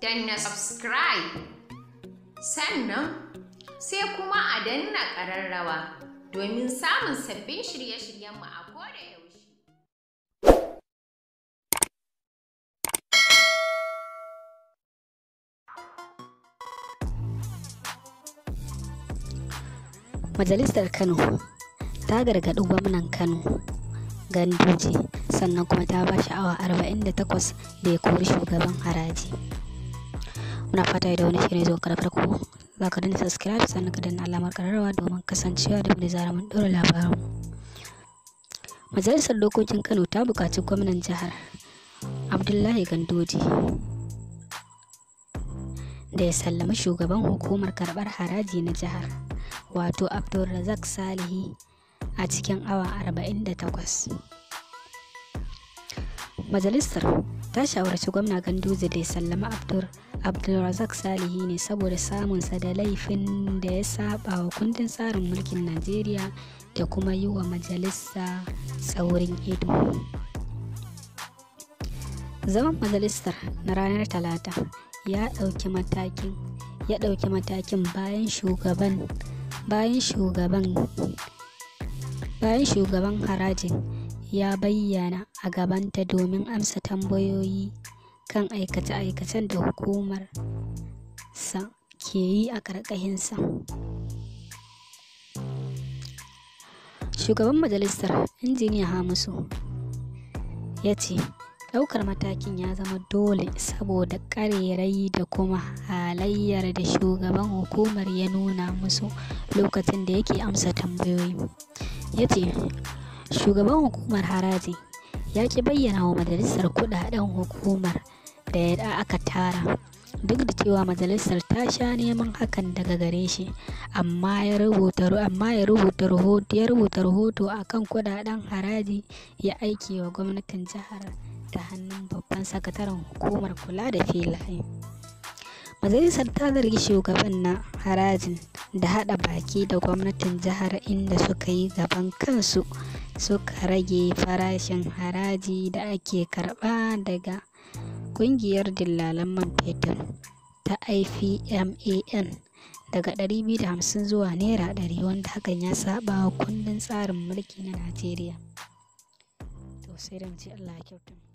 danna subscribe sannan sai kuma a danna ƙararrawa domin samun sabbin shirye-shiryenmu a koda yaushe. Majalisar Kano ta gargaɗi gwamnan Kano Ganduje sannan kuma ta ba shi awa 48 da ya kori shugaban haraji. muna fata da wani shirin zuwa kada farko za ka danna subscribe sannan ka alamar kararrawa domin kasancewa da wani zara zarar mun ɗora labarin majalisar dokokin kano ta buƙaci gwamnan jihar abdullahi gandoji da ya sallami shugaban hukumar karɓar haraji na jihar wato abdulrazak salihi a cikin awa 48 majalisar ta shawarci gwamna gandoji da ya sallama abdulrazak abdulrazak salihi ne saboda samunsa da laifin da ya saba wa kundin tsarin mulkin najeriya da kuma yi wa majalisa tsaurin ido zaman majalisar na ranar talata ya ɗauki matakin ya ɗauki matakin bayan shugaban bayan shugaban bayan shugaban harajin ya bayyana a gabanta domin amsa tambayoyi kan aikace-aikacen da hukumar sa ke yi a ƙarƙashinsa. Shugaban Majalisar, Injiniya Hamisu, ya ce ɗaukar matakin ya zama dole saboda ƙarerai da kuma halayyar da shugaban hukumar ya nuna musu lokacin da yake amsa tambayoyi. Ya ce, Shugaban hukumar haraji ya ki bayyana wa majalisar kudaden hukumar da ya aka tara duk da cewa majalisar ta sha neman hakan daga gare shi amma ya rubuta amma ya rubuta rahoto ya rubuta rahoto akan kudaden haraji ya aike wa gwamnatin jihar ta hannun babban sakataren hukumar kula da filaye majalisar ta zargi shugaban na harajin da hada baki da gwamnatin jihar inda suka yi gaban kansu suka rage farashin haraji da ake karba daga ƙungiyar dillalan man fetur ta ifman daga 250 zuwa naira 100 wanda hakan ya saba wa kundin tsarin mulki na Najeriya. To sai da Allah ya kyauta.